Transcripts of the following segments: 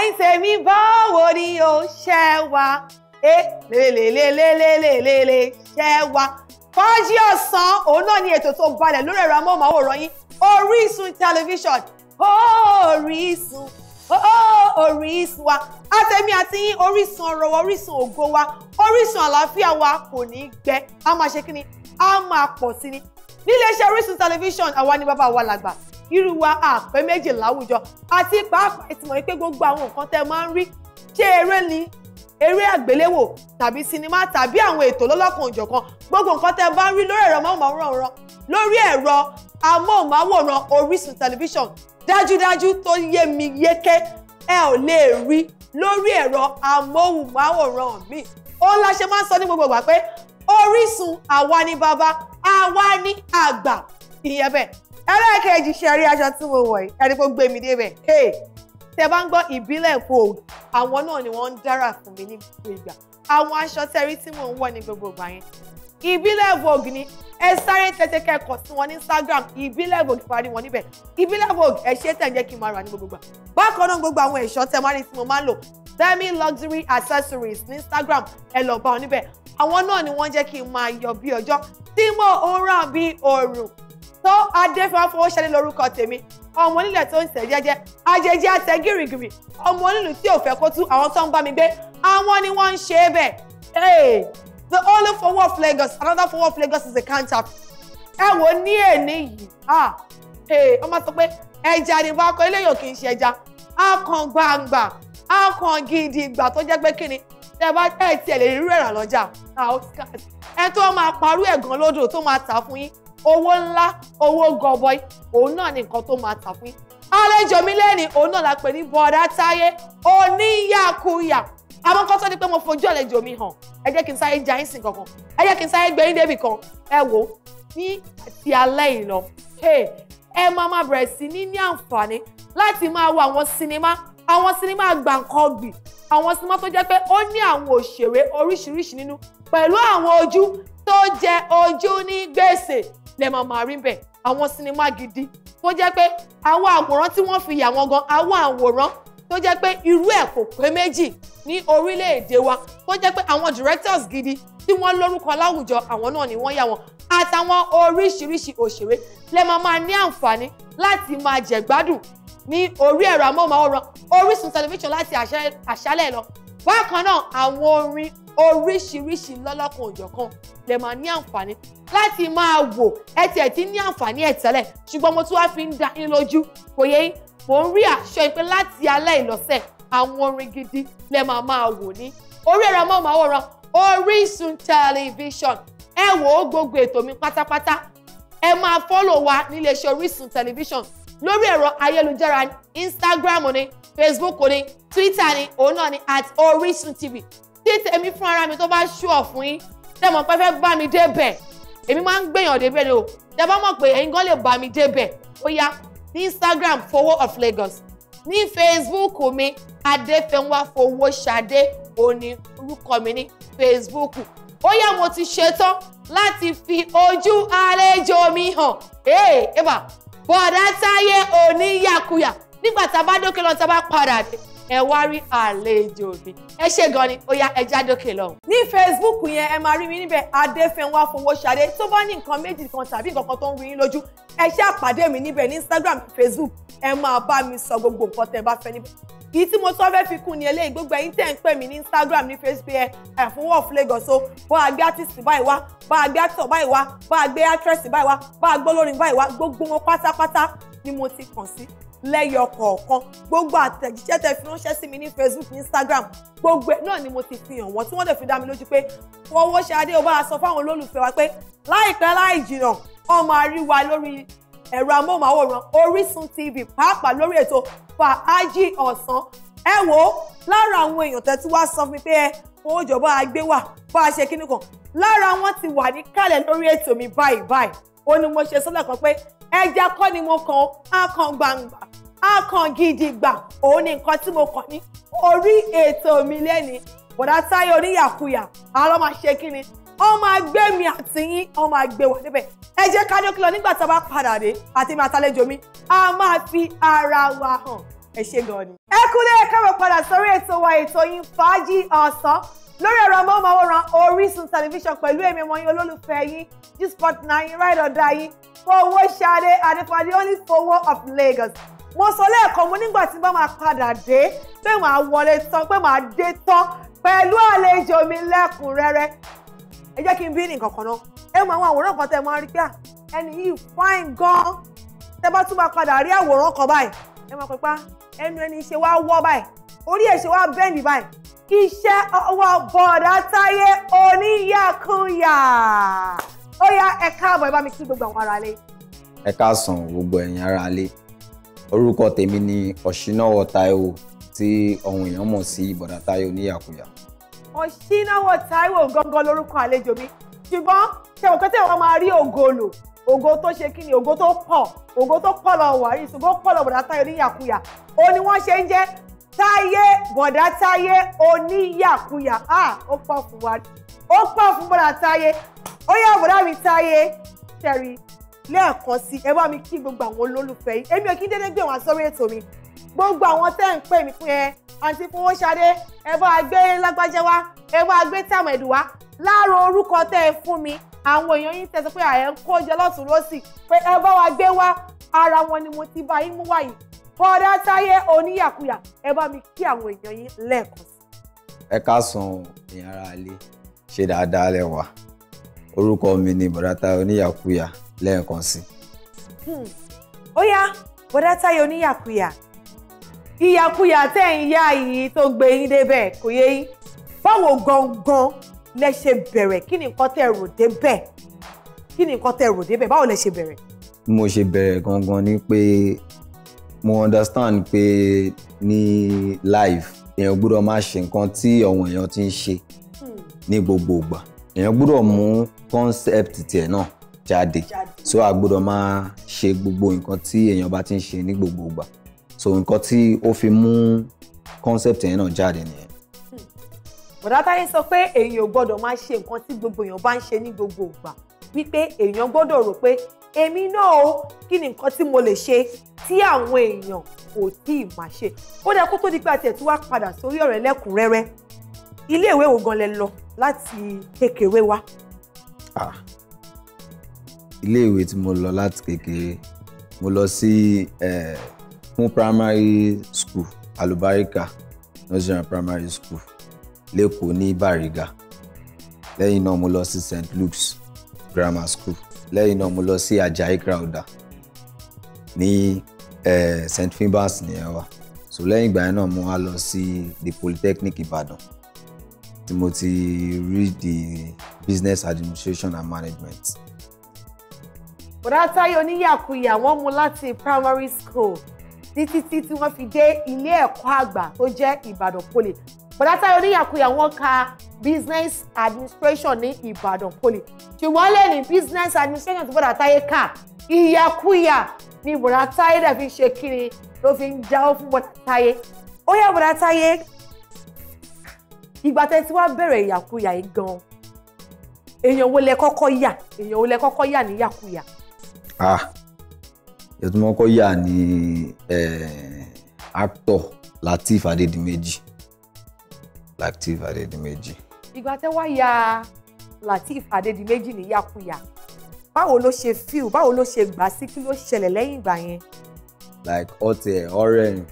ẹ̀yin tèmi báwo ni o ṣẹ́ wa ẹ lélelélélélélélé ṣẹ́ wa fàájì ọ̀sán òun náà ni ètò tó balẹ̀ lórí ẹ̀rọ amóhùnmáwòrán yín Orísun tẹlifíṣọ̀n Orísun Orísun wa àtẹ̀mí àti yín Orísun ọ̀rọ̀ wa Orísun ògo wa Orísun àlàáfíà wa kò ní gbẹ a máa ṣe kí ni a máa pọ̀ sí ni níléeṣẹ́ Orísun tẹlifíṣọ̀n àwa ni bàbá wa làgbà irú wa àpẹ méjì láwùjọ àti pàápàá ìtìmọ̀ yìí pé gbogbo àwọn nǹkan tẹ́ máa ń rí ṣé eré ni eré àgbéléwò tàbí sinimá tàbí àwọn ètò lọ́lọ́kan òjọ̀kan gbogbo nǹkan tẹ́ bá ń rí lórí ẹ̀rọ amóhùnmáwòrán lórí ẹ̀rọ amóhùnmáwòrán Orísun tẹlifíṣàn dájúdájú tó yé mi yéké ẹ ò lè rí lórí ẹ̀rọ amóhùnmáwòrán mi òun la ṣe máa ń sọ ní gbogbo ìgbà pé Orísun àwa ni bàbá àwa ni àgbà ìyẹn bẹ́ẹ̀ ẹlẹ́ẹ̀kejì ṣe rí aṣọ tí mo wọ̀ yìí ẹni kó gbé mi débẹ̀ tẹ bá ń gbọ́ ìbílẹ̀ folk àwọn náà ni wọ́n ń dára fún mi ní gbogbo ìgbà àwọn aṣọ tẹ́rí tí mò ń wọ̀ ní gbogbo ìgbà yẹn ìbílẹ̀ vogue ni ẹ sáré tètè kẹ́kọ̀ọ́ sí wọn ní instagram ìbílẹ̀ vogue parí wọn níbẹ̀ ìbílẹ̀ vogue ẹ ṣe tẹ̀ ń jẹ́ kí n máa rà ní gbogbo ìgbà bákan náà gbogbo àwọn ẹ̀ṣọ́ tẹ máa ní tí mo máa ń lò Demi luxury accessories ní instagram ẹ lọ bá wọn níbẹ̀ àwọn náà ni wọ́n jẹ́ kí n máa yọ bí ọjọ́ tí mo ń ràn bí oòrùn tó adéfẹ́wá Fọwọ́ṣadé lórúkọ tèmi ọmọ onílẹ̀ tó ń tẹ̀ jẹ́jẹ́ ajẹjẹ àtẹ gírígírí ọmọ onílù tí ò fẹ́ kó tú àwọn tó ń bá mi gbé àwọn ni wọ́n ń ṣe é bẹ́ẹ̀ the only forward of Lagos another forward of Lagos is a counter ẹ wò ó ní èní yìí ọmọ sọ pé ẹja ni wọn akọ eléyìí kì í ṣe ẹja akàn gbangba akàn gidi ìgbà tó jẹ́ pé kíni tẹ bá ẹ tiẹ̀ lè rírú ẹ̀rà lọ́jà ẹ tó máa parú ẹ̀gàn lódò tó máa tà fún yín owó ńlá owó gọbọi òun náà ni nǹkan tó máa tà fún yín àlejò mi lẹ́ni òun náà la pè ní bọ̀dá táyé oníyàkuyà àmọ́ kọ́ tó di pé mo fojú àlejò mi hàn ẹ jẹ́ kí n sáré jẹ àyínsìn kankan ẹ jẹ́ kí n sáré gbẹ̀yìn débì kan ẹ wò ní àti alẹ́ yìí lọ ẹ máa máa bẹ̀rẹ̀ sí ní ní àǹfààní láti máa wo àwọn sinimá àwọn sinimá gbàǹkangbì àwọn sinimá tó jẹ́ pé ó ní àwọn òṣèré oríṣiríṣi nínú pẹ̀lú àwọn ojú tó jẹ ojú ní gbèsè lẹ máa máa rí bẹ́ẹ̀ àwọn sinimá gidi tó jẹ́ pé àwọn àwòrán tí wọ́n fi yà wọ́n gan àwọn àwòrán tó jẹ́ pé irú ẹ̀ kò pé méjì ní orílẹ̀-èdè wa tó jẹ́ pé àwọn directors gidi tí wọ́n lórúkọ láwùjọ àwọn náà ni wọ́n yà wọ́n àtàwọn oríṣiríṣi òṣèré lẹ máa máa ní àǹfààní láti máa jẹ̀gbádùn ní orí ẹ̀rọ amóhùnmáwòrán Orísun tẹlifíṣàn láti àṣálẹ̀ lọ bákan náà àwọn orin oríṣiríṣi lọ́lọ́kan òjọ̀kan lè máa ní àǹfààní láti máa wò ẹ tiẹ̀ ti ní àǹfààní ẹ̀ tẹ́lẹ̀ ṣùgbọ́n mo tún wá fi ń dá yín lójú kò yẹ yín mò ń rí àṣọ ìpín láti alẹ́ ìlọ́sẹ̀ àwọn orin gidi lè máa máa wò ní orí ẹ̀rọ amóhùnmáwòrán Orísun tẹlifíṣọ̀n ẹ wò ó gbogbo ètò mi pátápátá ẹ máa fọ́lò wa níléeṣẹ́ Orísun tẹlifíṣọ̀n lórí ẹ̀rọ ayélujára ní instagram ní facebook ní twitter ní òun náà ní at orisun tv tí tèmi fún ara mi tó bá ṣú ọ̀ fún yín tẹ̀mọ̀ pé fẹ́ bá mi débẹ̀ èmi máa ń gbèyàn débẹ̀ ni o tẹ bá mọ̀ pé ẹ̀yin gan lè bá mi débẹ̀ ó yá ní instagram fowó of lagos ní facebook mi adéfẹ́nwá fowóṣadé òní orúkọ mi ní facebook ó yá mo ti ṣetán láti fi ojú àlejò mi hàn ee eba bọ̀dá táyé oníyàkuyà nígbà tá a bá dókè lọ tá a bá padà dé ẹ wá rí àlejò mi ẹ ṣe gan ni ó yá ẹ já dókè lọ. ní Facebook yẹn ẹ máa rí mi níbẹ̀ adéfẹ́nwá fowóṣadé tó bá ní nǹkan méjì kan tàbí nǹkan kan tó ń rí lójú ẹ ṣáà pàdé mi níbẹ̀ ní Instagram Facebook ẹ máa bá mi sọ gbogbo nǹkan tẹ́ bá fẹ́ níbẹ̀ kì í tí mo sọ fẹ́ fi kún ni eléyìí gbogbo ẹ̀yin tẹ̀ ń pè mí ní Instagram ní Facebook ẹ̀ ẹ̀fúnwọ́ of Lagos o bá a gbé artist báyìí wá bá a gbé actor báyìí wá bá a gbé actress báyìí wá bá a gbólórin báyìí wá gbogbo wọn pátápátá ni mo ti kàn sí lẹ́yọ kọ̀ọ̀kan gbogbo àtẹ̀jíṣẹ́ tẹ fi ránṣẹ́ sí mi ní Facebook Instagram gbogbo ẹ̀ náà ni mo ti fi hàn wọ́n tí wọ́n dẹ̀ fi dá mi lójú pé Fowóṣadé o bá a sọ fáwọn olólùfẹ́ wa pé láìpẹ́ láì jìnnà ọmọ àríwá lórí ẹ̀rọ amóhùnmáwòrán Orísun TV pàápàá lórí ètò fàájì ọ̀sán ẹ wo lára àwọn èèyàn tẹ́tí wá sọ fún mi pé ẹ owó ìjọba àgbé wà bá a ṣe kíní kan lára wọn ti wà níkàlẹ̀ lórí ètò mi báyìí báyìí ó ní mo ṣe sọ́lẹ̀ kan pé ẹja kọ́ ni mo kàn á kan gbangba á kan gidi gbà òun ni nǹkan tí mo kàn ní orí ètò mi lẹ́ni bọ̀dá táyé oníyàkuyà àwọn ọmọ ṣe kíni ọmọ agbé mi àti yín ọmọ agbé wà níbẹ̀ ẹ jẹ́ ká dókè lọ nígbà tá a bá padà dé àti mi àtàlejò mi a máa fi ara wa hàn ẹ ṣe gan ni. ẹ kúlé ẹ káàbọ̀ padà sórí ètò wa ètò yín fàájì ọ̀sán lórí ẹ̀rọ amóhùnmáwòrán Orísun tẹlifíṣàn pẹ̀lú èmi ọmọ yín olólùfẹ́ yín Gsport 9 ride or die yín fowó ṣadé adéfadé only fowó of Lagos mo sọ lẹ́ẹ̀kan mo nígbà tí bá máa padà dé pé màá wọlé tán pé màá dé tán pẹ̀lú àlejò mi lẹ́kùnrẹ́rẹ́ ẹ jẹ́ kí n bí ní nǹkan kan náà ẹ mọ àwọn àwòrán kan tẹ́ máa rí pé ẹni yìí fine gan-an tẹ́ bá tún máa padà rí àwòrán kan báyìí ẹ máa pípa ẹnu ẹni ṣe wá wọ́ báyìí orí ẹ̀ ṣe wá bẹ́ẹ̀nì báyìí iṣẹ́ ọwọ́ bọ̀dá táyé oníyàkúnyà ó yá ẹ káàbọ̀ ẹ bá mi kí gbogbo àwọn ará lé. ẹ káàsán gbogbo ẹ̀yin ará lé orúkọ tèmi ni ọ̀ṣínà ọ̀tàẹ̀wò tí ọ̀hún èèyàn mọ̀ sí bọ̀dá táyé oníyàkúnyà ọ̀ṣínáwó Táíwò gangan lórúkọ àlejò mi ṣùgbọ́n ṣe òkè tí wọ́n máa rí ògo lò ògo tó ṣe kí ni ògo tó pọ̀ ògo tó pọ̀ lọ wàrí ṣùgbọ́n pọ̀ lọ bọ̀dá Táyé oníyàkuyà ó ní wọ́n ṣe ń jẹ́ Táyé bọ̀dá Táyé oníyàkuyà ó pọ̀ fún wa ó pọ̀ fún bọ̀dá Táyé ó yá bọ̀dá mi Táyé ṣẹ̀rí lẹ́ẹ̀kan sí ẹ bá mi kí gbogbo àwọn olólùfẹ́ yìí èmi ò kí dédé gbé wọn sórí ètò mi gbogbo àwọn tẹ́ ń pè mí fún ẹ àǹtí Fowóṣadé ẹ bá gbé lágbájá wá ẹ bá a gbé tàmẹ̀dù wá láàárọ̀ orúkọ tẹ́ ẹ fún mi àwọn èèyàn yín tẹ̀sán pé àyẹ̀ ń kójọ lọ́tún lọ́sì pé ẹ bá wa gbé wá ara wọn ni mo ti bá yín mú wáyé bọ́dá táyé oníyàkuyà ẹ bá mi kí àwọn èèyàn yín lẹ́ẹ̀kan sí. ẹ káàsán èèyàn ara ilé ṣe dáadáa lẹ́wà orúkọ mi ni bọ́dá táyé oníyàkuyà lẹ́ẹ̀kan sí. Hmm. ó yá bọ́dá táyé oníyàkuyà ìyàkuyà tẹ̀ ń yá yìí tó gbé yín débẹ̀ kò yé yín báwo gangan lẹ ṣe bẹ̀rẹ̀ kí ni nǹkan tẹ̀ rò débẹ̀ kí ni nǹkan tẹ̀ rò débẹ̀ báwo lẹ ṣe bẹ̀rẹ̀. mo ṣe bẹ̀rẹ̀ gangan ni pé mo understand pé ní life èèyàn gbọ́dọ̀ máa ṣe nǹkan tí àwọn èèyàn ti ń ṣe ní gbogbo ìgbà èèyàn gbọ́dọ̀ mú concept tiẹ̀ náà jáde so a gbọ́dọ̀ máa ṣe gbogbo nǹkan tí èèyàn bá ti ń ṣe ní gbogbo ìgbà so nǹkan tí ó fi mú concept yẹn náà jáde nìyẹn. bọ̀dá Táyé sọ pé èèyàn ò gbọ́dọ̀ máa ṣe nǹkan tí gbogbo èèyàn bá ń ṣe ní gbogbo ìgbà wípé èèyàn gbọ́dọ̀ rò pé èmi náà o kí ni nǹkan tí mo lè ṣe tí àwọn èèyàn kò tí ì máa ṣe ó dẹ kó tó di pé àti ẹ̀tún wá padà sórí ọ̀rọ̀ ẹlẹ́kùnrẹ́rẹ́ iléèwé wo gan lẹ lọ láti kékeré wá. iléèwé tí mo lọ láti kékeré mo lọ sí. Eh, fún primary school alubarika nursery and primary school lẹ́kọ̀ọ́ ní bariga lẹ́yìn náà mo lọ sí st luke's grammar school lẹ́yìn náà mo lọ sí ajayi crowder ní eh, st finbas nìyẹn wà so lẹ́yìn ìgbà yẹn náà mo wá lọ sí the polytechnic ìbàdàn tí mo ti read the business administration and management. bùdá táyé oníyàkuyà wọ́n mú láti primary school títí tí tí wọ́n fi dé ilé ẹ̀kọ́ àgbà tó jẹ́ Ìbàdàn Poly bọ̀dá Táyọ̀ oníyàkuyà wọ́n ka business administration ní Ìbàdàn Poly ṣùgbọ́n lè business administration tí bọ̀dá Táyọ̀ kà ni bọ̀dá Táyọ̀ dẹ̀ fi ṣe kiri ló fi ń jáwọ́ fún bọ̀dá Táyọ̀ ó yá bọ̀dá Táyọ̀ ìgbà tẹ́ tí wàá bẹ̀rẹ̀ ìyàkuyà yìí gan èèyàn wo lẹ kọ́kọ́ yà èèyàn wo lẹ kọ́kọ́ yà níyàkuyà. ah èyí tó mọ́ yà ni actor latif Adédìméjì Lateef Adédìméjì. ìgbà tẹ́ wá ya Lateef Adédìméjì ní yakuya báwo ló ṣe fíl báwo ló ṣe gbà sí kí ló ṣẹlẹ̀ lẹ́yìn ìgbà yẹn. like ọtí ẹ ọ̀rẹ́ rìn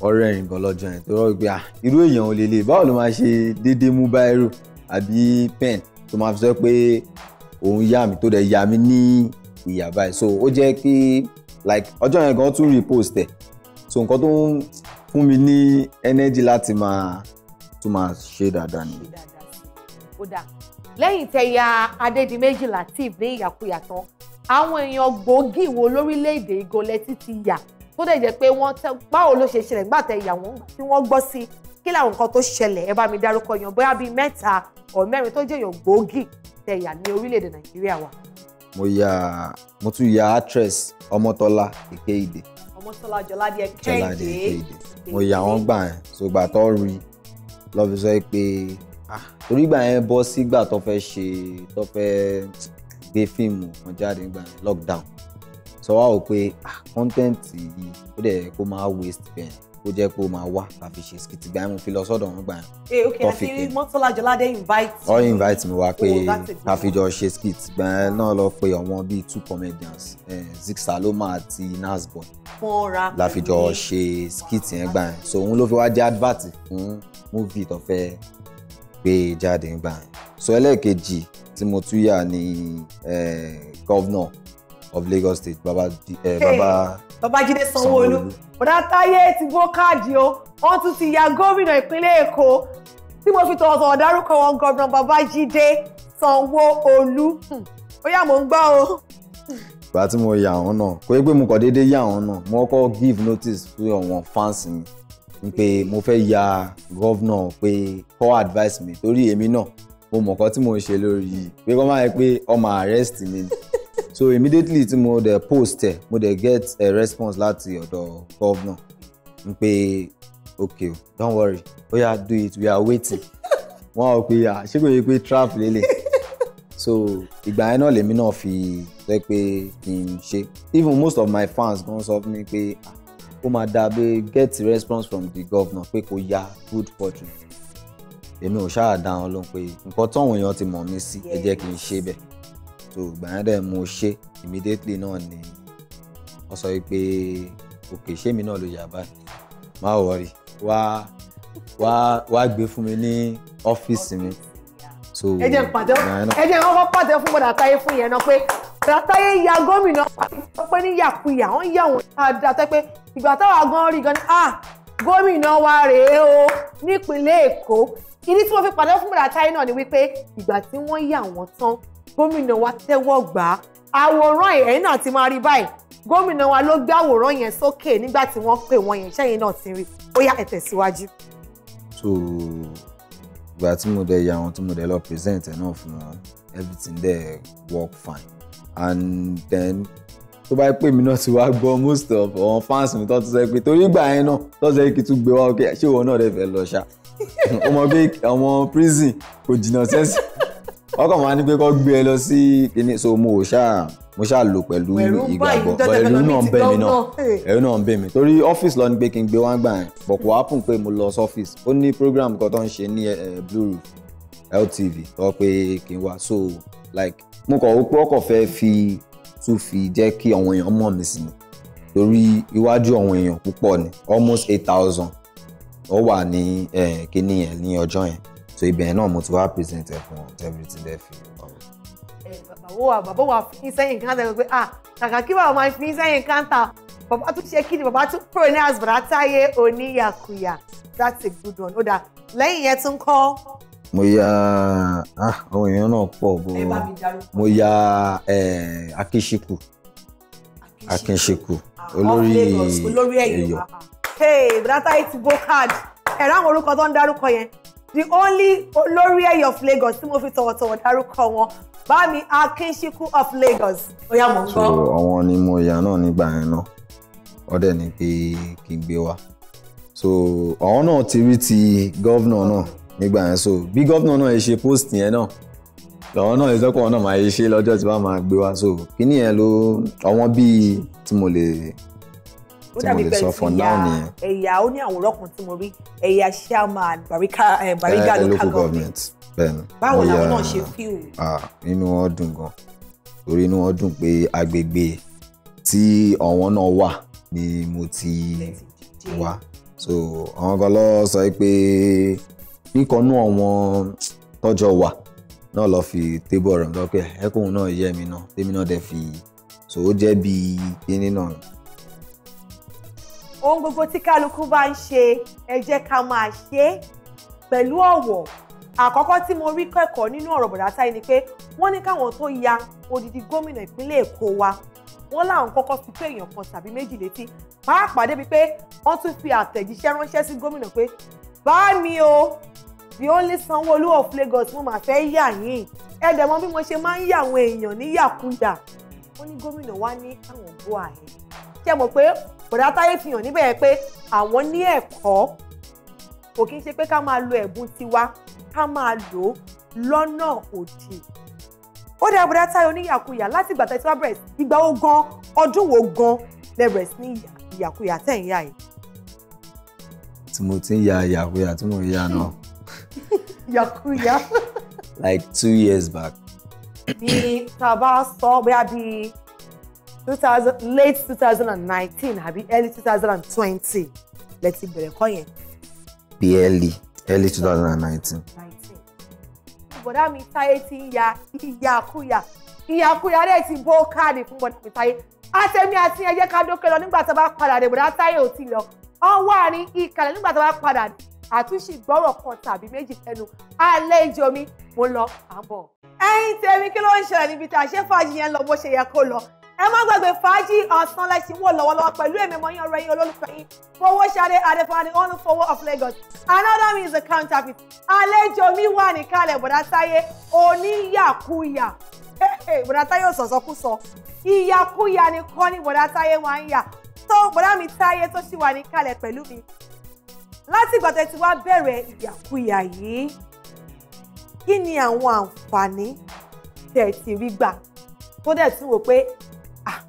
ọ̀rẹ́ rìn gan lọ́jọ́ yẹn tó rọ pé ah irú èèyàn ò lè lè báwo ló máa ṣe déédéé mú báírò àbí pen tó máa fi sọ pé òun yá mi tó dẹ̀ yá mi ní ìyà báyìí so ó jẹ́ pé like ọjọ́ yẹn gan tún repost ẹ̀ so nǹkan tó ń fún mi ní energy láti máa tún máa ṣe dáadáa ni. lẹ́yìn tẹ̀yà Adédìméjì Lateef ní ìyàkuyà tán àwọn èèyàn gbòógì wo lórílẹ̀‐èdè igolẹ́tì ti yà tó dẹ̀ jẹ́ pé wọ́n tẹ́ báwo ló ṣe ṣẹlẹ̀ nígbà tẹ̀ ìyàwó tí wọ́n gbọ́ sí kí làwọn nǹkan tó ṣẹlẹ̀ ẹ bá mi dárúkọ yàn bóyá bíi mẹ́ta ọ̀ mẹ́rin tó jẹ́ èèyàn gbòógì tẹ̀yà ní orílẹ̀‐èdè Nàìjíríà wa mo ya mo tún ya actress ọmọtọ́lá èkéyìdè ọmọtọ́lá jọládé èkéyìdè mo ya wọn gbà yẹn so gbà tó rí lọ fi sọ pé ah, torí gbà yẹn bọ́ sígbà tó fẹ́ ṣe tó fẹ́ gbé fíìmù kan jáde gbà yẹn lockdown sọ wá wò pé kọ́ńtẹ́ǹtì ah, yìí ó dẹ̀ kó máa waste bẹ́ẹ̀ kó jẹ́ kó máa wá àfi ṣe skit gbà mo fi lọ sọ́dọ̀ wọn gbà eh, yẹn tọ́fì kẹ́ Mọ́tọ́lá Jọládé invite ọ invite mi wá pé àfi oh, jọ ṣe skit gbà yẹn náà lọ pé àwọn bíi two comedians eh, Zik Saloma àti Nasboy láfi jọ ṣe skit yẹn gbà yẹn so òun ló fi wá jẹ́ advert fún movie tó fẹ́ gbé jáde gbà yẹn so ẹlẹ́ẹ̀kejì tí mo tún yà ní eh, gọ́vnọ̀ of Lagos State Baba. Eh, hey. Baba Babájídé Sanwó-Olú bọ̀dá Táyé ti bó káàdì o wọ́n tún ti ya gómìnà ìpínlẹ̀ Èkó tí mo fi tọ̀wọ̀tọ̀wọ̀ dárúkọ wọn gọ́vnà Babájídé Sanwó-Olú bóyá hmm. mò ń gbọ́ o. ìgbà tí mo yà wọn náà kò yẹ pé mo kàn déédéé yà wọn náà mo kọ́ give notice fún àwọn fans mi pé mo fẹ́ ya gọ́vnà pé kọ́ advice mi torí èmi náà mo mọ̀kọ́ tí mo ń ṣe lórí yìí pé kọ́ máa yẹ pé ọmọ arrest mi so immediately tí mo dẹ̀ post ẹ̀ mo dẹ̀ get a response láti ọ̀dọ̀ governor n pé okay don't worry oya oh, do it we are waiting wọn ò pe ṣé kò yẹ pé trap lélẹ̀ so ìgbà yẹn náà lèmi náà fi sọ pé kì í ṣe even most of my fans gan sọ fún mi pé ó máa dáa get response from the governor pé kò ya good fortune èmi ò ṣáà dá wọn lóhùn pé nǹkan táwọn èèyàn ti mọ̀ mí sí ẹ jẹ́ kí n ṣe bẹ́ẹ̀ so gbàyàn dẹ̀ mo ṣe immediately náà ni wọ́n sọ pé òkè ṣémi náà ló yà báyìí má wọrí wá wá wá gbé fún mi ní ọ́fíìsì mi so ẹ jẹ́ pàtẹ́wọ́ ẹ jẹ́ kọ́kọ́ pàtẹ́wọ́ fún bọ̀dà táyé fún yẹn náà pé bọ̀dà táyé ya gómìnà pé ní yàkuyà wọ́n yà wọ́n dáadáa tẹ́ pé ìgbà táwa gan rí gan ni ah gómìnà wa rèé o nípínlẹ̀ èkó ìdí tí wọ́n fi pàtẹ́wọ́ fún bọ̀dà táyé náà ni wípé ìgbà tí wọ́n yà wọ́n tán gómìnà wa tẹ́wọ́ gbà á àwòrán ẹ̀ náà ti máa rí báyìí gómìnà wa ló gbé àwòrán yẹn sókè nígbà tí wọ́n pè wọ́n yẹn sẹ́yìn náà ti rí ó yá ẹ tẹ̀síwájú. so ìgbà tí mo dẹ̀ ya wọn tí mo dẹ̀ lọ present ẹ̀ náà fún wọn everything there work fine and then tó bá pè mí náà ti wá gbọ́ most of àwọn fans mi tó ti sọ pé torí ìgbà yẹn náà tó sọ pé tún gbé wá ok ṣé ìwọ náà dẹ̀ fẹ́ lọ ṣá ọmọ pé àwọn prison kò jìnnà sẹ́sìn ọkọ máa ní pé kó gbé ẹ lọ sí kíní so mo ṣáà mo ṣáà lò pẹ̀lú ìgbàgbọ́ bọ́ ẹ̀rù náà ń bẹ̀ mí náà ẹ̀rù náà ń bẹ̀ mí torí ọ́fíìsì lọ ni pé kí n gbé wá gbà yẹn bọ̀ kò hápùn pé mo lọ sọ́fíìsì ó ní program kan tó ń ṣe ní eh, eh, blue roof LTV tó pé kí n wá so like mo kọ̀ ó pé ọkọ̀ fẹ́ fi tún fi jẹ́ kí àwọn èèyàn mọ̀ mí sí ni torí iwájú àwọn èèyàn púpọ̀ ni almost eight thousand ó wà ní eh, kíní yẹn ní ọjọ́ yẹn so ibẹ̀ yẹn náà mo ti wá present ẹ̀ fún everything there fi eh, bàbá wa bàbá wa fi sẹ́yìn káńtà ẹ̀ pé ah kàkà kí bàbá máa fi sẹ́yìn káńtà bàbá tún ṣe kí ni bàbá tún pro ní àzùbàrà táyé oníyàkuyà that's a good one ó dà lẹ́yìn yẹn tún kọ́. mo ya ah, àwọn èèyàn náà pọ̀ bó mo ya eh, akínsíkù akínsíkù ah, ah, olórí èyọ. hey brata it's go hard ẹ̀rọ àwọn orúkọ tó ń darúkọ yẹn the only olórí ẹ̀yọ̀ of Lagos tí mo fi tọ̀wọ̀tọ̀wọ̀ dárúkọ wọn Bámi Akínṣíkú of Lagos ó yá mọ̀ ń gbọ́. so àwọn ni mo yà náà nígbà yẹn náà wọ́n dẹ̀ ní pé kí n gbé wá so àwọn náà ti rí ti gọ́vnà náà nígbà yẹn so bí gọ́vnà náà ṣe post yẹn náà lọ́wọ́ náà ìsọ́kọ̀ náà máa ṣe lọ́jọ́ tí bá máa gbé wá so kíní yẹn ló àwọn bíi tí mo lè ó dàbí pé ẹ̀yà ẹ̀yà ó ní àwòrán kan tí mo rí ẹ̀yà chairman Bariga eh, eh, Bariga eh, local government bẹ́ẹ̀ni báwo làwọn náà ṣe fíìl. Ah, inú wọn dùn gan torí inú wọn dùn pé agbègbè tí ọ̀wọ́n náà wà ni mo ti wà so àwọn kan lọ sọ pé kíkanú àwọn tọ́jọ́ wà náà lọ fi tébù ọ̀rọ̀ mi lọ pé ẹkùn náà yẹ mi náà tèmi náà dẹ̀ fi so ó jẹ́ bíi kíní náà ohun gbogbo tí kálukú bá ń ṣe ẹ jẹ́ ká máa ṣe pẹ̀lú ọ̀wọ̀ àkọ́kọ́ tí mo rí kẹ́kọ̀ọ́ nínú ọ̀rọ̀ bọ̀dá Táyé ni pé wọ́n ní káwọn tó ya odidi gómìnà ìpínlẹ̀ Èkó wa wọ́n láwọn kọ́kọ́ fi tó èèyàn kan tàbí méjì létí pàápàá débi pé wọ́n tún fi àtẹ̀jíṣẹ́ ránṣẹ́ sí gómìnà pé bá mi o the only Sanwó-Olú of Lagos mo mà fẹ́ yà yín ẹ dẹ̀ mọ̀ bí mo ṣe máa ń yà àwọn èèyàn níyàkuyà wọ́n ní gómìnà wa ní àwọn bó àyè ṣe mọ̀ pé bọ̀dá táyé fi hàn níbẹ̀ pé àwọn ní ẹ̀kọ́ kò kí n ṣe pé ká máa lo ẹ̀bùn tiwa ká máa lò ó lọ́nà òdì ó dá bọ̀dá táyé oníyàkuyà láti ìgbà tẹ̀síwá bẹ̀rẹ̀ ìgbà wo gan ọdún wo gan lẹ bẹ̀rẹ̀ sí ní ìyàkuyà tẹ̀ ń yà yìí. tí mo ti ń ya ìyàkuyà tí mo ń ya náà. ìyàkuyà. like two years back. bí tá a bá sọ bóyá bíi 2000 late 2019 àbí early 2020 lẹ ti bẹ̀rẹ̀ kọ́ yẹn. bí early early 2019. bọ̀dá mi táyé ti ń ya ìyàkúyà ìyàkúyà rẹ̀ ti bó káàdì fún bọ̀dá mi táyé àtẹ̀mí àti ẹ̀jẹ̀ ká dókè lọ nígbà tó bá padà dé bọ̀dá táyé ò ti lọ ọ wà ní ìkàlẹ̀ nígbà tó bá padà dé àtúnṣe gbọ́rọ̀ kan tàbí méjì fẹ́nu àlejò mi mo lọ àbọ̀. ẹ̀yin tèmi kí ló ń ṣẹlẹ̀ níbi tá a ṣe fàájì yẹn lọ bó ṣe yẹ kó lọ ẹ má gbàgbé fàájì ọ̀sán lẹ́sìn wò lọ́wọ́lọ́wọ́ pẹ̀lú èmi mọ́ yín ọ̀rọ̀ yín olólùfẹ́ yín Fowóṣadé Adéfọ́ládé ọ̀nà fowó of Lagos another one is a counterfeit àlejò mi wà níkàlẹ̀ bọ̀dá táyé oníyàkúyà eh, eh, bọ̀dá táyé ò sọ̀sọ́kúsọ ìyàkúyà nìkan ni bọ̀dá táyé wà ń yà tó bọ̀dá mi táyé tó sì wà níkàlẹ̀ pẹ̀lú mi láti ìgbà tẹ́ ti wá bẹ̀rẹ̀ ìyàkúyà yìí kí ni àwọn àǹfààní tẹ́ ti rí gbà tó dẹ̀ tún wò Ah,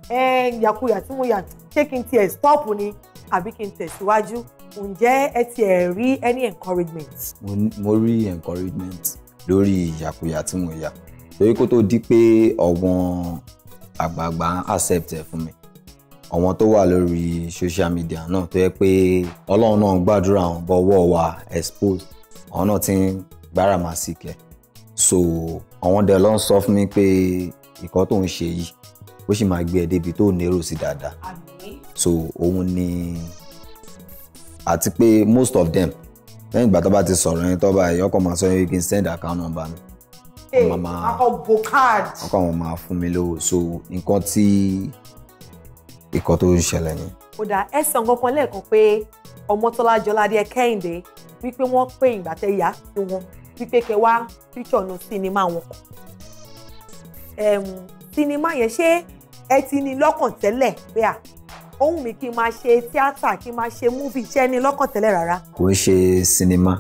yàkuyà tí mo yà ṣé kí n tiẹ̀ stop ni àbí kí n tẹ̀síwájú ǹjẹ́ ẹ tiẹ̀ rí any encouragement. mo rí encouragement lórí yàkuyà tí mo yà torí kó tó di pé ọ̀wọ́n àgbààgbà accept ẹ̀ fún mi àwọn tó wà lórí social media náà tó yẹ pé ọlọ́run náà gbàdúrà àwọn bọ́wọ́ wa expose àwọn náà ti ń gbára màsíkẹ̀ so àwọn dẹ̀ ló ń sọ fún mi pé ìkọ́ tó ń ṣe yìí ó sì máa gbé ẹ débi tó nérò sí dáadáa so òun ni àti pé most of them lẹ́yìn ìgbà tó bá ti sọ̀rọ̀ yẹn tó bá yẹ ọkọ̀ máa sọ yẹn kí n send account number mi ọkọ̀ máa ọkọ̀ wọn máa fún mi lówó so nǹkan tí nǹkan tó ń ṣẹlẹ̀ ni. ó dà ẹ sàn kankan lẹ́ẹ̀kan pé ọmọtọ́lá jọládé kẹ́hìndé wípé wọ́n pè ìgbà tẹ yá sí wọn wípé kẹ wá píṣọ̀nù sinimá wọn. sinimá yẹn ṣé ẹ ti ní lọ́kàn tẹ́lẹ̀ bẹ́ẹ̀ ohun mi kí n máa ṣe tíátà kí n máa ṣe múfì iṣẹ́ ní lọ́kàn tẹ́lẹ̀ rárá. kò ń ṣe sinimá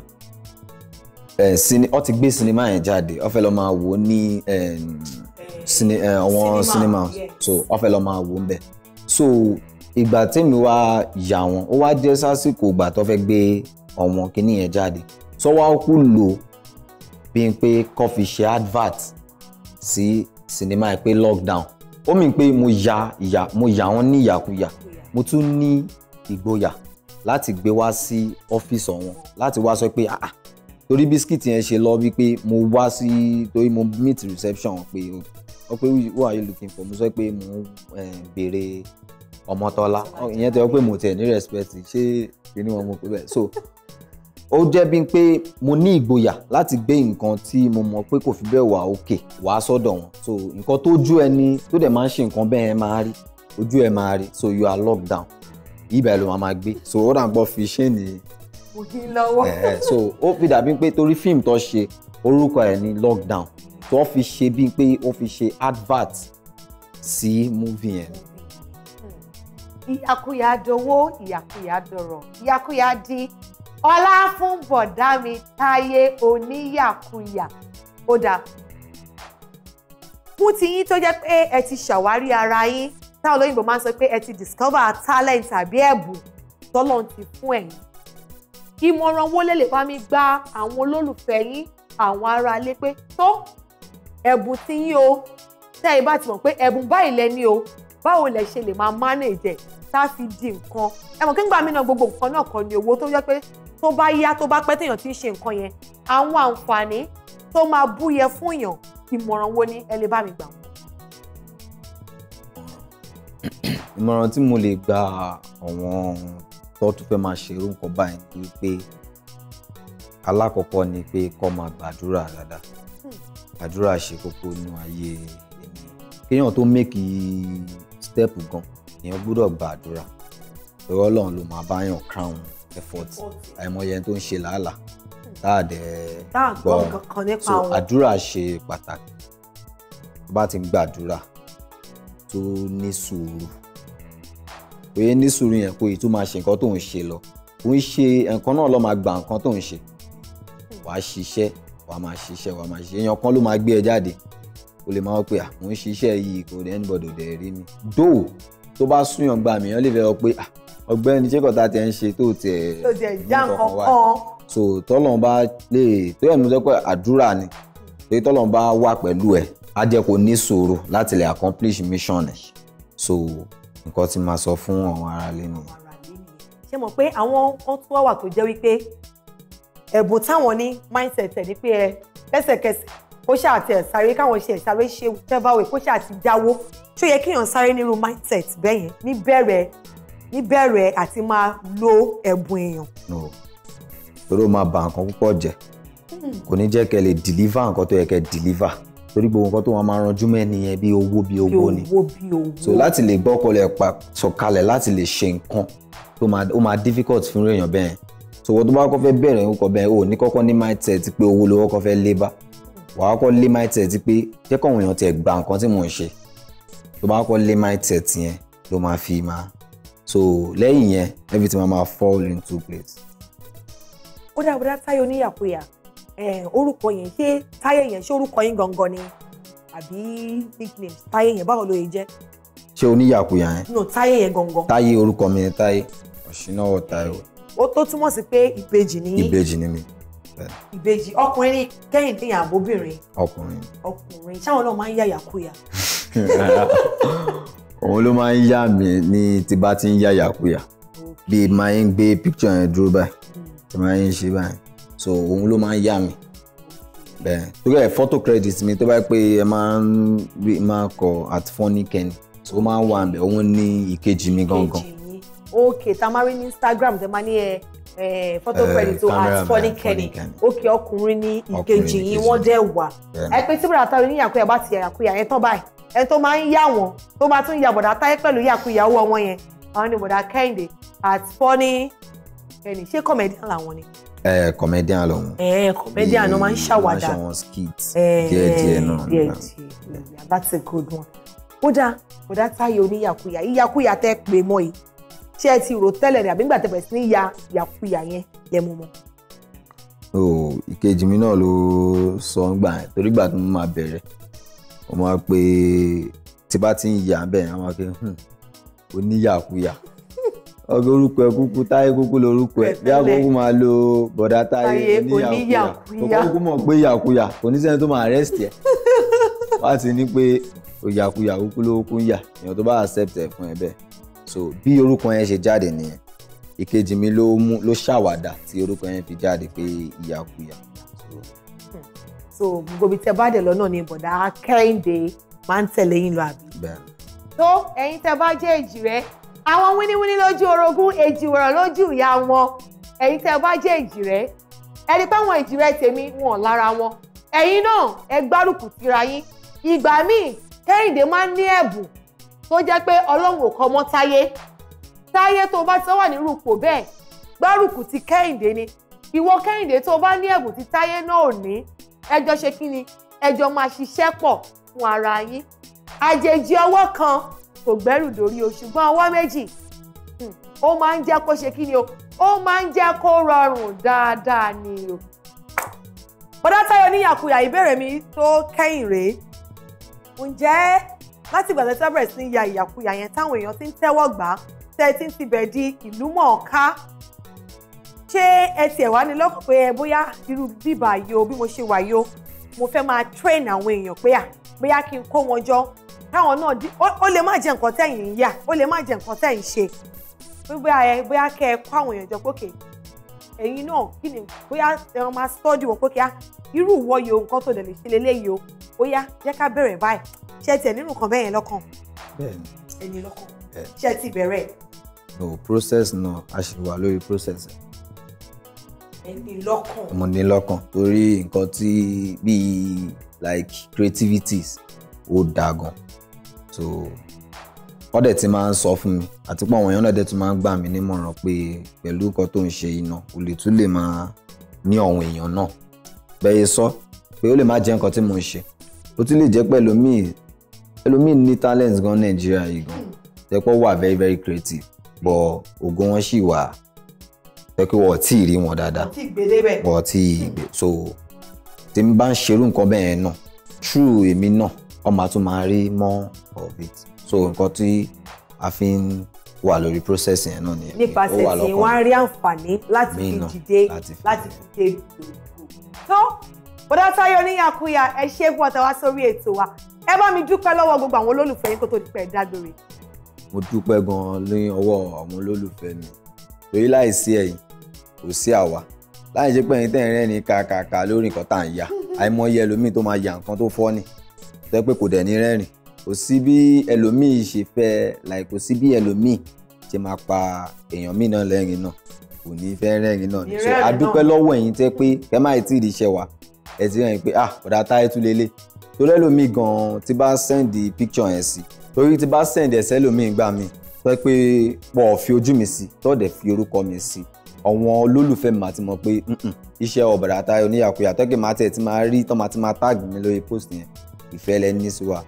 ọ ti gbé sinimá yẹn jáde ọ fẹ́ lọ máa wò ó ní eh, àwọn sinimá so ọ fẹ́ lọ máa wò ń bẹ̀ so ìgbà tèmi wá yà wọ́n ó wá jẹ́ sásìkò ìgbà tó fẹ́ gbé ọ̀wọ́n kìíní yẹn jáde so wá kú lò bí n pé kọ́ fi ṣe advert sí sinimá ẹ pé lockdown ó mì pé mo ya ìyà mo yà wọ́n ní ìyàkuyà mo tún ní ìgboyà láti gbé wá sí ọ́fíìsì ọ̀wọ́n láti wá sọ pé ah torí bisikíìtì yẹn ṣe lọ wípé mo wá sí torí mo meet reception pé wọ́n pé who are you looking for mo sọ pé mo ń eh, béèrè Ọmọtọ́lá ìyẹn tẹ ọ pé mo tẹ ní respect ṣé kí ni wọn mo pè bẹ́ẹ̀ so ó jẹ́ bí pé mo ní ìgboyà láti gbé nǹkan tí mo mọ̀ pé kò fi bẹ́ẹ̀ wà òkè wá sọ́dọ̀ wọn so nǹkan tó ojú ẹni tó dẹ̀ máa ń ṣe nǹkan bẹ́ẹ̀ máa rí ojú ẹ máa rí so you are locked down ibẹ̀ ló máa máa gbé so ó dà fi ṣé ni. mo kí n lọ́wọ́. Eh, so ó fi dàbí pé torí fíìmù tó ṣe orúkọ ẹ̀ ní lockdown tó fi ṣe bíi pé ó fi ṣe advert sí movie yẹn hmm. ìyàkuyà dowó ìyàkuyà dọ̀rọ̀ ìyàkuyà di ọlá fún bọ̀dá mi táyé oníyàkuyà ó dáa fún tiyín tó jẹ́ pé ẹ ti ṣàwárí ara yín táwọn olóyìnbó máa ń sọ pé ẹ ti discover talent àbí ẹ̀bùn tọ́lọ́run ti fún ẹ̀yin ìmọ̀ràn wo lè lè bá mi gba àwọn olólùfẹ́ yín àwọn aráalé pé tó ẹ̀bùn tiyín o tẹ́ ẹ bá ti mọ̀ pé ẹ̀bùn báyìí lẹ́ni o báwo lẹ ṣe lè máa manage ẹ̀ tá a fi di nǹkan ẹ mọ̀ kí n gbà mí náà gbogbo nǹkan náà kọ́ ni owó tó yẹ pé tó bá yá tó bá pẹ́ téèyàn ti ń ṣe nǹkan yẹn àwọn àǹfààní tó máa búyẹ fún èèyàn ìmọ̀ràn wo ni ẹ lè bá mi gbà wọ́n. ìmọ̀ràn tí mo lè gba àwọn tó tún fẹ́ máa ṣe irú nǹkan báyìí ni pé alákọ̀ọ́kọ́ ni pé kó máa gbàdúrà dáadáa hmm. àdúrà ṣe kókó nínú ayé kéèyàn tó mẹ́kì step gan èèyàn gbọ́dọ̀ gbàdúrà ìrọ́lọ́run ló máa bá yàn crown effort àìmọye tó ń ṣe làálàá hmm. tá a dẹ̀ gbọ́ so àdúrà ṣe pàtàkì tó bá ti ń gbàdúrà tó ní sùúrù pé ní sùúrù yẹn kó ìtú máa ṣe nǹkan tó ń ṣe lọ kò ń ṣe nǹkan náà ló máa gba nǹkan tó ń ṣe hmm. wàá ṣiṣẹ́ wàá máa ṣiṣẹ́ wàá máa ṣiṣẹ́ èèyàn kan ló máa gbé ẹ jáde o lè máa pè à mò ń ṣiṣẹ́ yìí kò dé anybody dẹ̀ rí mi dóò tó bá súnyàn gba mi èèyàn lè fẹ́ ọ pé à ọ̀gbẹ́ni ṣé kọta tiẹ̀ ń ṣe tó tiẹ̀ tó tiẹ̀ já so tọ́lọ́n bá lè tó yẹ mú sọ pé àdúrà ni pé tọ́lọ́n bá wà pẹ̀lú ẹ̀ á jẹ́ kó ní sùúrù láti lè accomplish mission ẹ̀ so nǹkan tí máa sọ fún àwọn aráalé nìyẹn. ṣé mọ̀ pé àwọn kan tún wà tó jẹ́ wípé ẹ̀bùn táwọn ní mindset ẹ̀ ní pé ẹ kẹsẹ̀kẹsẹ̀ kó ṣáà tiẹ̀ sáré káwọn ṣe ìsáré ṣe tẹ́báwé kó ṣáà ti jáwó ṣó yẹ kéèyàn sáré nírú mindset bẹ́ẹ̀ yẹn níbẹ̀rẹ̀ níbẹ̀rẹ̀ àti máa lo ẹ̀bùn èèyàn. torí ó máa bà nǹkan púpọ̀ jẹ́ kò ní jẹ́ kẹ́ lè deliver nǹkan tó yẹ kẹ́ deliver torí gbogbo nǹkan tó wọn máa ranjú mẹ́ni yẹn bí owó bí owó ni so láti lè gbọ́kọlẹ̀ pa sọ̀kalẹ̀ láti lè ṣe nǹkan tó máa difficult fún èèyàn bẹ́ẹ̀ so wọ́n tó bá kọ́ fẹ́ bẹ̀rẹ̀ nǹkan bẹ́ẹ̀ o ní kọ́kọ́ ní mindset pé owó lówó kọ́ fẹ́ lé bá wà á kọ́ lé mindset pé jẹ́ kọ́ àwọn èèyàn tiẹ̀ gba nǹkan tí mò ń ṣe tó bá kọ́ lé mindset yẹn ló máa fi máa so lẹ́yìn yẹn everything ma ma fall into place. ó dà bọ́dá táyé oníyàkuyà orúkọ yẹn ṣé táyé yẹn ṣé orúkọ yín gangan ni àbí nickname táyé yẹn báwo ló yẹ jẹ́. ṣé oníyàkuyà yẹn. no táyé yẹn gangan. táyé orúkọ mi ni táyé ọ̀ṣináwó táyé. ó tó túmọ̀ sí pé ìbejì ni. ìbejì ni mi ìbejì ọkùnrin ní kẹ́hìndé àbóbìnrin. ọkùnrin. ọkùnrin ṣáwọn náà máa ń yàyà kúyà. òun ló máa ń yà mí ní tí bá ti ń yà yàkuyà bí máa ń gbé picture yẹn dúró báyìí tí máa ń ṣe báyìí so òun ló máa ń yà mí bẹ́ẹ̀ torí ẹ̀ photo credit mi tó bá pé ẹ máa ń rí máa kọ at funny kenny so ó máa ń wà mí òun ní ìkejì mi gangan. ok tamari ní Instagram tẹ máa ní ẹ photo credit to at funny kenny ok ọkùnrin ní ìkejì yìí wọ́n jẹ́ wà ẹ pé tí bùrọ̀ àtàwọn oníyàkúyà bá ti yàyàkúyà yẹn tán báyìí ẹni tó máa ń yà wọ́n tó máa tún yà bọ̀dá táyé pẹ̀lú yàkú ìyàwó wọn yẹn àwọn ni bọ̀dá kẹ́hìndé àti fọ́ní ẹni ṣé comedian làwọn ni. ẹ comedian lòun. ẹ comedian ló máa ń ẹ díẹ̀ náà. díẹ̀ díẹ̀ that's a good one. kódà bọ̀dá táyé oníyàkúyà ìyàkúyà tẹ́ pè mọ́ yìí ṣé ẹ ti rò tẹ́lẹ̀ ní àbí nígbà tẹ́ bẹ̀rẹ̀ sí ní ya yàkúyà yẹn yẹ mú oh, ìkejì mi náà ló sọ ń gbà torí gbà tí máa bẹ̀rẹ̀ ó máa pe tí bá ti ń yà ń bẹ̀ á máa pe hmm, oníyàkuyà ọgbẹ́ orúkọ ẹ kúkú táyé kúkú lorúkọ ẹ bí akókó máa lo bọ̀dá táyé oníyàkuyà òkókó mọ̀ pé yàkuyà kò ní sẹ́ni tó máa arrest ẹ̀ wá ti ní pé òyàkuyà kúkú ló kú ń yà èèyàn tó bá accept ẹ̀ fún ẹ bẹ́ẹ̀ so bí orúkọ yẹn ṣe jáde nìyẹn ìkejì mi ló mú ló ṣàwàdà tí orúkọ yẹn fi jáde pé ìyàkuyà so so gbogbo tẹ bá dẹ̀ lọ́nà ni bọ̀dá kẹ́hìndé máa ń tẹ̀lé yín lọ àbí. tó ẹ̀yin tẹ bá jẹ́ èjì rẹ àwọn wíníwíní lójú orogún èjì wọ̀rọ̀ lójú ìyá wọn ẹ̀yin tẹ bá jẹ́ èjì rẹ ẹni pé àwọn èjì rẹ tèmi wọn lára wọn ẹ̀yin náà ẹ gbárùkù tira yín ìgbà míì kẹ́hìndé máa ń ní ẹ̀bùn tó jẹ́ pé ọlọ́run ò kọ́ mọ́ táyé táyé tó bá ti wà nírú ipò bẹ́ẹ̀ gbárùkù ti kẹ́hìndé ni ìwọ kẹ́hìndé tó bá ní ẹ̀bùn tí táyé náà ní ẹjọ́ ṣe kí ni ẹjọ́ máa ṣiṣẹ́ pọ̀ fún ara yín àjèjì ọwọ́ kan kò gbẹ́rù dórí o ṣùgbọ́n ọwọ́ méjì hmm, ó máa ń jẹ́ kó ṣe kí ni o ó máa ń jẹ́ kó rọrùn dáadáa ni o. bọ́dá ní yàkuyà ìbéèrè mi tó kẹ́yìn rèé ǹjẹ́ láti ìgbà tẹ́tẹ́ sí ya ìyàkuyà yẹn táwọn èèyàn ti ń tẹ́wọ́ gbà á tẹ́ ti ń tibẹ̀ di ìlú mọ̀ọ́ká ṣé ẹ tiẹ̀ wá ní lọ́kàn pé ẹ bóyá irú bíbà yìí o bí mo ṣe wà yìí o mo fẹ́ máa train àwọn èèyàn pé à bóyá kí n kó wọn jọ táwọn náà di ó lè má jẹ́ nǹkan tẹ̀yìn ń yà ó lè má jẹ́ nǹkan tẹ̀yìn ṣe bóyá ẹ bóyá kẹ́ ẹ kó àwọn èèyàn jọ pókè ẹ̀yin náà kí ni bóyá ẹ máa study wọn pókè á irú ìwọ yìí o nǹkan tó dẹ̀ lè ṣe lélẹ́yìí o bóyá jẹ́ ká bẹ̀rẹ̀ báyìí ṣe tiẹ̀ nínú kan bẹ́ẹ̀ yẹn lọ́kàn. bẹ́ẹ̀ni ẹni lọ́kàn ṣe ti bẹ̀rẹ̀. no process náà a ṣì wà process ẹni lọ́kàn. mo ní lọ́kàn torí nǹkan tí bíi like creativities ó dáa so wọ́n dẹ̀ ti máa ń sọ fún mi àti pé àwọn èèyàn náà dẹ̀ tún máa ń gbà mí nímọ̀ràn pé pẹ̀lú nǹkan tó ń ṣe iná o lè tún lè máa ní àwọn èèyàn náà bẹ́ẹ̀ sọ pé ó lè má jẹ́ nǹkan tí mo ń ṣe ó tún lè jẹ́ pé ẹlòmíì ẹlòmíì ní talent gan Nàìjíríà yìí gan jẹ́ wà very very creative but ògo wọn sì wà jẹ́ pé wọ́n ti rí wọn dáadáa wọ́n ti gbé so tí n bá ń ṣerú nǹkan bẹ́ẹ̀ náà true èmi náà wọ́n máa tún máa rí more of it so nǹkan tí a fi ń wà lórí process yẹn náà nìyẹn nípasẹ̀ tí wọ́n á rí àǹfààní láti fi dìde láti fi dé tó bọ́dá Táyọ̀ Oníyàkúyà ẹ ṣe fún ọ̀tẹ̀ wá sórí ètò wa ẹ bá mi dúpẹ́ lọ́wọ́ gbogbo àwọn olólùfẹ́ yín kó tó di pẹ́ dágbére. mo dúpẹ́ gan-an lé ọwọ́ àwọn olólùfẹ́ mi torí láìsí ẹ̀yin kò sí àwa láì ṣe pé ẹ̀yin tẹ̀ ń rẹ́ni kàkàkà lórí nǹkan tá à ń ya àìmọye ẹlòmíì tó máa ya nǹkan tó fọ́ ni tẹ́ pé kò dẹ̀ ní rẹ́rìn kò sí bí ẹlòmíì ṣe fẹ́ láì kò sí bí ẹlòmíì ṣe máa pa èèyàn míì náà lẹ́rìn náà kò ní fẹ́ rẹ́rìn náà ni so adúpẹ́ lọ́wọ́ ẹ̀yin tẹ́ pé ẹ má tí ì di iṣẹ́ wa ẹ ti rẹ́rìn pé ah ọ̀dà táyé tún lélẹ̀ torí ẹlòmíì gan-an ti bá sẹ́ndì píkṣọ̀ yẹn sí torí ti bá sẹ́ndì ẹ̀sẹ̀ ẹlòmíì gbà míì tó yẹ pé pọ̀ fi ojú mi sí tọ́ọ̀dẹ̀ fi orúkọ mi sí àwọn olólùfẹ́ mi àti mọ̀ pé iṣẹ́ ọ̀bàrà ta oníyàkuyà tọ́kì máa tẹ̀ tí máa rí tán máa ti máa táàgì mi lórí post yẹn ìfẹ́ lẹ ní sí wa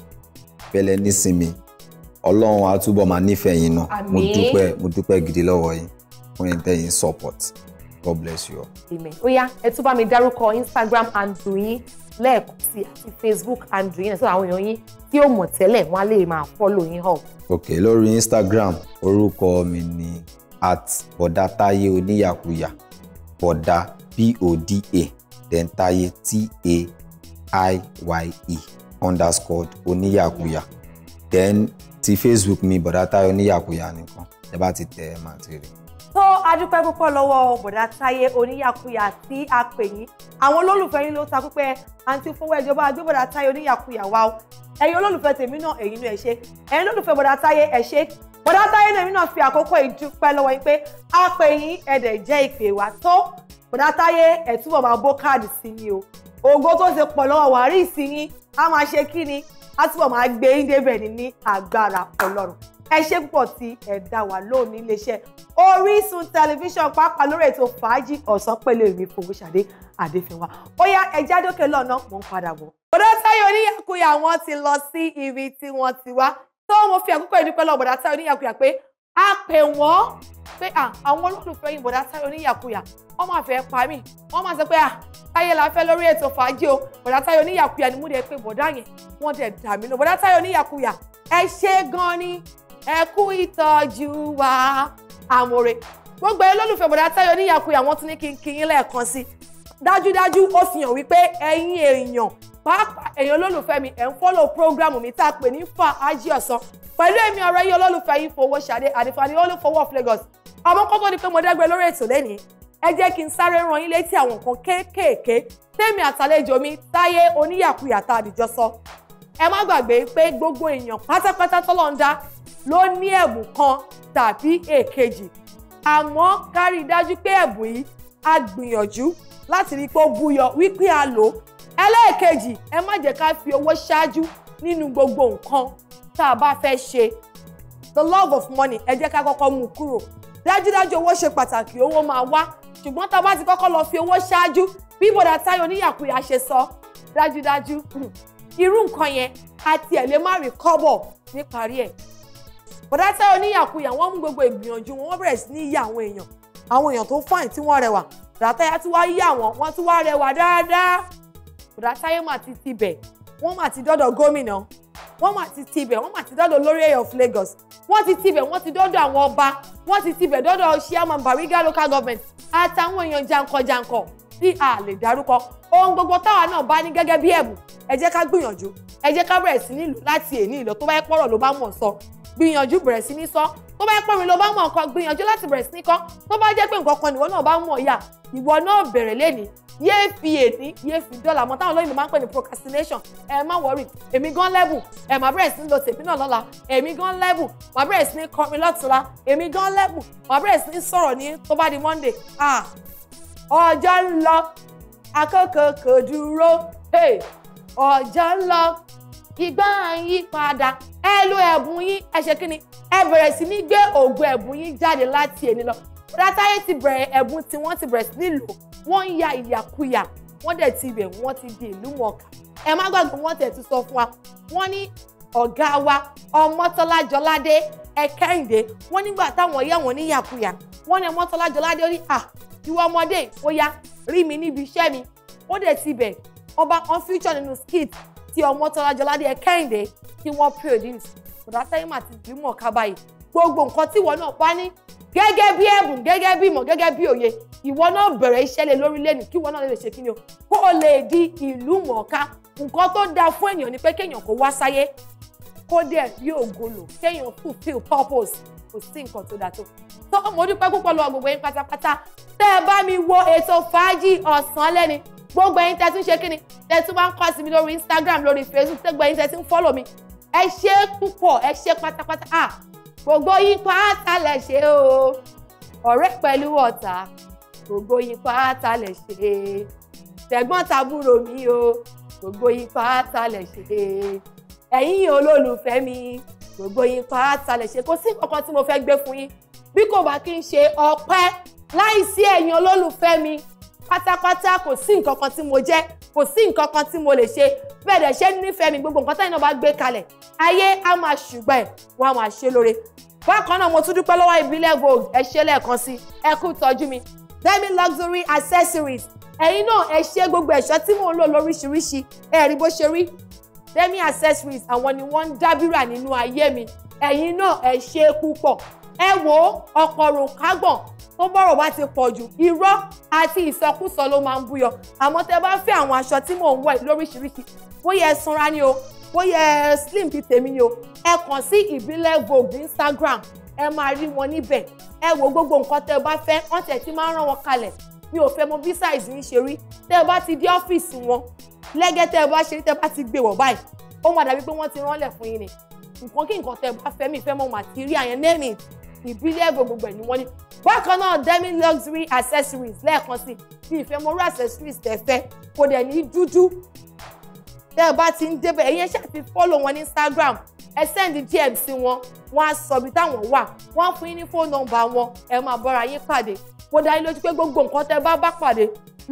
ìfẹ́ lẹ ní sí mi ọlọ́run á túbọ̀ máa nífẹ̀ẹ́ yín náà mo dúpẹ́ mo dúpẹ́ gidi lọ́wọ́ yín fún ẹ̀ńtẹ́ yín support. God bless you all. Amen. Oya, yá ẹ tún bá mi dárúkọ Instagram handle yín lẹ́ẹ̀kan sí àti Facebook handle yín ẹ̀sọ́ àwọn èèyàn yín tí ó mọ̀ tẹ́lẹ̀ wọ́n á lè máa follow yín hàn. Ok lórí Instagram orúkọ mi ni at bọ̀dá táyé oníyàkuyà bọ̀dá b-o-d-a then táyé t-a-i-y-e underscore oníyàkuyà then ti Facebook mi bọ̀dá táyé oníyàkuyà nìkan ẹ bá ti tẹ̀ ẹ́ máa ti rí i tó adúpẹ́ púpọ̀ lọ́wọ́ bọ̀dá táyé oníyàkuyà tí a pè yín àwọn olólùfẹ́ yín ló ta pípẹ́ àǹtí fowó ẹjọba agbébọ̀dá táyé oníyàkuyà wa o ẹ̀yin olólùfẹ́ tèmi náà èyí ni ẹ ṣe ẹ̀yin olólùfẹ́ bọ̀dá táyé ẹ ṣe bọ̀dá táyé náà èmi náà fi àkókò ìdúpẹ́ lọ́wọ́ yín pé a pè yín ẹ̀dẹ̀ jẹ́ ìpè wá tó bọ̀dá táyé ẹ̀ túbọ̀ máa bó káàdì sí ni o ògo tó ṣe pọ̀ lọ́wọ́ wàrí ìsinyìí a máa ṣe kí ni a túbọ̀ máa gbé yín débẹ̀ ní ní agbára ọlọ́run ẹ ṣe púpọ̀ tí ẹ dá wà lónìí iléeṣẹ́ Orísun tẹlifíṣàn pàápàá lórí ètò fàájì ọ̀sán pẹ̀lú èmi Fowóṣadé Adéfẹ́wà ó yá ẹja dókè lọ́nà mò ń padà bọ̀. bọ̀dọ̀ táyọ̀ oníyàkuyà wọn ti lọ sí ibi tí wọ́n ti wá tó mo fi àkókò ìdúpẹ́ lọ bọ̀dọ̀ táyọ̀ oníyàkuyà pé a pè wọ́n pé àwọn olólùfẹ́ yìí bọ̀dọ̀ táyọ̀ oníyàkuyà wọ́n máa fẹ́ pa mí wọ́n máa sọ pé à táyé la fẹ́ lórí ètò fàájì o bọ̀dá táyé oníyàkuyà ni múdẹ pé bọ̀dá yẹn wọ́n dẹ̀ dà mí lọ bọ̀dá táyé oníyàkuyà ẹ ṣé gan ni ẹ kú ìtọ́jú wa àmọ̀rẹ́ gbogbo olólùfẹ́ bọ̀dá táyọ̀ níyàkuyà wọ́n tún ní kí n kí yín lẹ́ẹ̀kan sí dájúdájú ó fi hàn wípé ẹ̀yin èèyàn pàápàá èèyàn olólùfẹ́ mi ẹ̀ ń fọ́lọ̀ prógrámù mi tá a pè ní fàájì ọ̀sán pẹ̀lú èmi ọ̀rọ̀ yìí olólùfẹ́ yìí fowó ṣàdé àdìfàní olúfọwọ́ of Lagos àmọ́ kókó ni pé mo dẹ́gbẹ́ lórí ètò lẹ́nìí ẹ jẹ́ kí n sáré ran yín létí àwọn nǹkan kéékèèké tèmi àtàlejò mi táyé oníyàkuyà tá a dìjọ sọ ẹ má gbàgbé pé gbogbo èèyàn pátápátá tọ́lọ́ ń dá ló ní ẹ̀bùn kan tàbí èkejì àmọ́ ká rí i dájú pé ẹ̀bùn yìí a gbìyànjú láti rí i pé ó búyọ wípé a lò ó ẹlẹ́ẹ̀kejì ẹ má jẹ́ ká fi owó ṣáájú nínú gbogbo nǹkan tá a bá fẹ́ ṣe the love of money ẹ jẹ́ ká kọ́kọ́ mú kúrò dájúdájú owó ṣe pàtàkì owó máa wá ṣùgbọ́n tá a bá ti kọ́kọ́ lọ fi owó ṣáájú bí bọ̀dà táyọ̀ níyàkuyà ṣe sọ dájúdájú irú nǹkan yẹn àti ẹ̀ lè má rí kọ́bọ̀ níparí ẹ̀ bọ̀dá tẹ́ oníyàkuyà wọ́n mú gbogbo ìgbìyànjú wọn wọ́n bẹ̀rẹ̀ sí ní yà àwọn èèyàn àwọn èèyàn tó fine tí wọ́n rẹwà bọ̀dá táyà tí wọ́n yà wọ́n wọ́n tí wọ́n rẹwà dáadáa bọ̀dá táyà mà ti ti bẹ̀ wọ́n mà ti dọ́dọ̀ gómìnà wọ́n mà ti ti bẹ̀ wọ́n mà ti dọ́dọ̀ lórí ẹ̀yọ̀ of Lagos wọ́n ti ti bẹ̀ wọ́n ti dọ́dọ̀ àwọn ọba wọ́n ti ti bẹ̀ dọ́dọ̀ chairman Bariga local government àtàwọn èèyàn jankan-jankan tí a lè dárúkọ ohun gbogbo táwa náà bá ní gẹ́gẹ́ bí ẹ̀bùn ẹ jẹ́ ká gbìyànjú ẹ jẹ́ ká bẹ̀rẹ̀ sí nílùú láti èní ìlọ tó bá yẹ pọ̀rọ̀ ló bá mọ̀ sọ gbìyànjú bẹ̀rẹ̀ sí ní sọ tó bá yẹ pọ́nrin ló bá mọ̀ nǹkan gbìyànjú láti bẹ̀rẹ̀ sí ní kọ́ tó bá jẹ́ pé nǹkan kan nìwọ náà bá mọ̀ yà ìwọ náà bẹ̀rẹ̀ lẹ́nìí yéé fi èdè yéé fi dọ́là mọ́ táwọn olóyìnbó máa ń pè ní procrastination ẹ má wọrí èmi gan lẹ́bù ẹ má bẹ̀rẹ̀ sí ní lo tèmi náà lọ́la èmi gan lẹ́bù má bẹ̀rẹ̀ sí ní kọrin lọ́tùlá èmi gan lẹ́bù má bẹ̀rẹ̀ sí ní sọ̀rọ̀ ní tó bá di Monday ah ọjọ́ ń lọ akókò kò dúró ọjọ́ ń lọ ìgbà ń yí padà ẹ lo ẹ̀bùn yín ẹ ṣe kí ni ẹ bẹ̀rẹ̀ sí ní gbé òògùn ẹ̀bùn yín jáde láti èní lọ látàyè ti bẹ̀rẹ̀ ẹ̀bùn tí wọ́n ti bẹ̀rẹ̀ sí ní lò wọ́n ń ya ìyàkuyà wọ́n dẹ̀ ti bẹ̀ wọ́n ti di ìlú mọ̀ọ́ká ẹ má gbàgbé wọ́n tẹ̀ tún sọ fún wa wọ́n ní ọ̀gá wa ọmọtọ́lá jọládé ẹ̀kẹ́hìndé wọ́n nígbà táwọn yẹ̀ wọ́n ní yàkuyà wọ́n ní ọmọtọ́lá jọládé ó ní à ìwọ ọmọdé ó yá rí mi níbi iṣẹ́ mi ó dẹ̀ ti bẹ̀ ọba on future nínú skit tí Ọmọ́tọ́lá Jọládé Kẹ́hìndé tí wọ́n produce Bọ̀dá Sẹ́yìnmà ti bímọ kaba yìí gbogbo nǹkan tí ìwọ náà bá ní gẹ́gẹ́ bí ẹ̀bùn gẹ́gẹ́ bí ìmọ̀ gẹ́gẹ́ bí òye ìwọ náà bẹ̀rẹ̀ iṣẹ́ lé lórí lẹ́nu kí ìwọ náà lè ṣe kí ni o kó o lè di ìlú mọ̀ọ́ká nǹkan tó dáa fún ènìyàn ni pé kéèyàn kó wá sáyé kó dẹ̀ bí ògolo kéèyàn fulfil purpose kò sí nǹkan tó dáa tó. tó mo dúpẹ́ púpọ̀ lọ́wọ́ gbogbo yín pátápátá tẹ́ ẹ bá mi wo ètò fàájì ọ̀sán lẹ́ni gbogbo ẹ̀yin tẹ́ ti ń ṣe kí ni tẹ́ ti máa kọ sí mi lórí Instagram lórí Facebook tẹ́ gbogbo ẹ̀yin tẹ́ ti ń fọ́lọ̀ mi ẹ ṣe é púpọ̀ ẹ ṣe pátápátá à ah, gbogbo yín pátá lẹ̀ ṣe o ọ̀rẹ́ pẹ̀lú ọ̀tá gbogbo yín pátá lẹ̀ ṣe tẹ̀gbọ́n tàbúrò mi o gbogbo yín pátá lẹ̀ ṣe ẹ̀yin olólùfẹ́ mi gbogbo yín pátá lẹ̀ ṣe kò sí kankan tí mo fẹ́ gbé fún yín bí kò bá kí n ṣe ọpẹ́ láìsí ẹ̀yin olólùfẹ́ mi pátápátá kò sí nǹkan kan tí mo jẹ́ kò sí nǹkan kan tí mo lè ṣe bẹ́ẹ̀ dẹ̀ ṣe nífẹ̀ẹ́ mi gbogbo nǹkan táyìn náà bá gbé kalẹ̀ ayé á máa ṣùgbọ́n ẹ̀ wọ́n á máa ṣe lóore. bákan náà mo tún dúpẹ́ lọ́wọ́ ìbílẹ̀ gold ẹ ṣe lẹ́ẹ̀kan sí ẹ kú tọ́jú mi demi luxury accessories ẹ̀yin náà ẹ ṣe gbogbo ẹ̀ṣọ́ tí mò ń lò lóríṣiríṣi ẹ rí bó ṣe rí demi accessories àwọn ni wọ́n ń dábìrà nínú ayé mi ẹ̀yin náà ẹ ṣe púpọ̀ ẹ wo ọ̀pọ̀rọ̀ kágbọ̀n tó bọ̀rọ̀ bá ti pọ̀ jù irọ́ àti ìsọkúsọ ló máa ń búyọ àmọ́ tẹ bá fẹ́ àwọn aṣọ tí mò ń wọ̀ lóríṣiríṣi bóyá ẹ ni o bóyá slim ti tèmi ni o ẹ kàn sí ìbílẹ̀ gbòògùn Instagram ẹ máa rí wọn níbẹ̀ ẹ wo gbogbo nǹkan tẹ bá fẹ́ wọ́n tẹ̀ ti máa ń rán wọn kalẹ̀ mi ò fẹ́ mọ bí size yín ṣe rí tẹ́ bá ti dé ọ́fíìsì wọn lẹ́gẹ́ tẹ́ ẹ bá ṣe rí tẹ́ bá ti gbé wọ̀ báyìí ó máa dàbí pé wọ́n ti ránlẹ̀ fún yín ni nǹkan kí nǹkan tẹ́ ẹ bá fẹ́ mi fẹ́ mọ màtíríà yẹn name it ìbílẹ̀ gbogbogbò ni wọ́n ní bákan náà demi luxury accessories lẹ́ẹ̀kan sí bí ìfẹ́mọ́rú accessories tẹ̀fẹ́ kò dẹ̀ ní dúdú tẹ́ ẹ bá ti ń débẹ̀ ẹ̀yin ẹ ṣáà ti fọ́lọ̀ wọn ní Instagram ẹ sẹ́ndì DM sí wọn wọn á sọ ibi táwọn wà wọn á fún yín ní fóònù nọ́mbà wọn ẹ máa bọ́ra yín pàdé kó dá yín lójú pé gbogbo nǹkan tẹ́ bá bá pàdé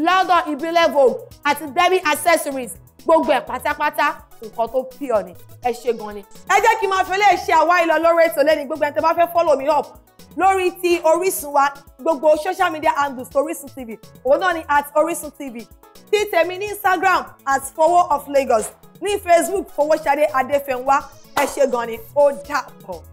lọ́dọ̀ ìbílẹ̀ vogue àti demi accessories gbogbo ẹ̀ pátápátá nǹkan tó pure ni ẹ ṣe gan ni. ẹ jẹ́ kí n máa fi eléyìí ṣe àwa ìlọ lórí ètò lẹ́ni gbogbo ẹni tó bá fẹ́ follow me up lórí ti Orísun wa gbogbo social media handles Orísun TV òun náà ni at Orísun TV tí tèmi ní Instagram at fowó of Lagos ní Facebook Fowóṣadé Adéfẹ́nwá ẹ ṣe gan ni ó dàbọ̀.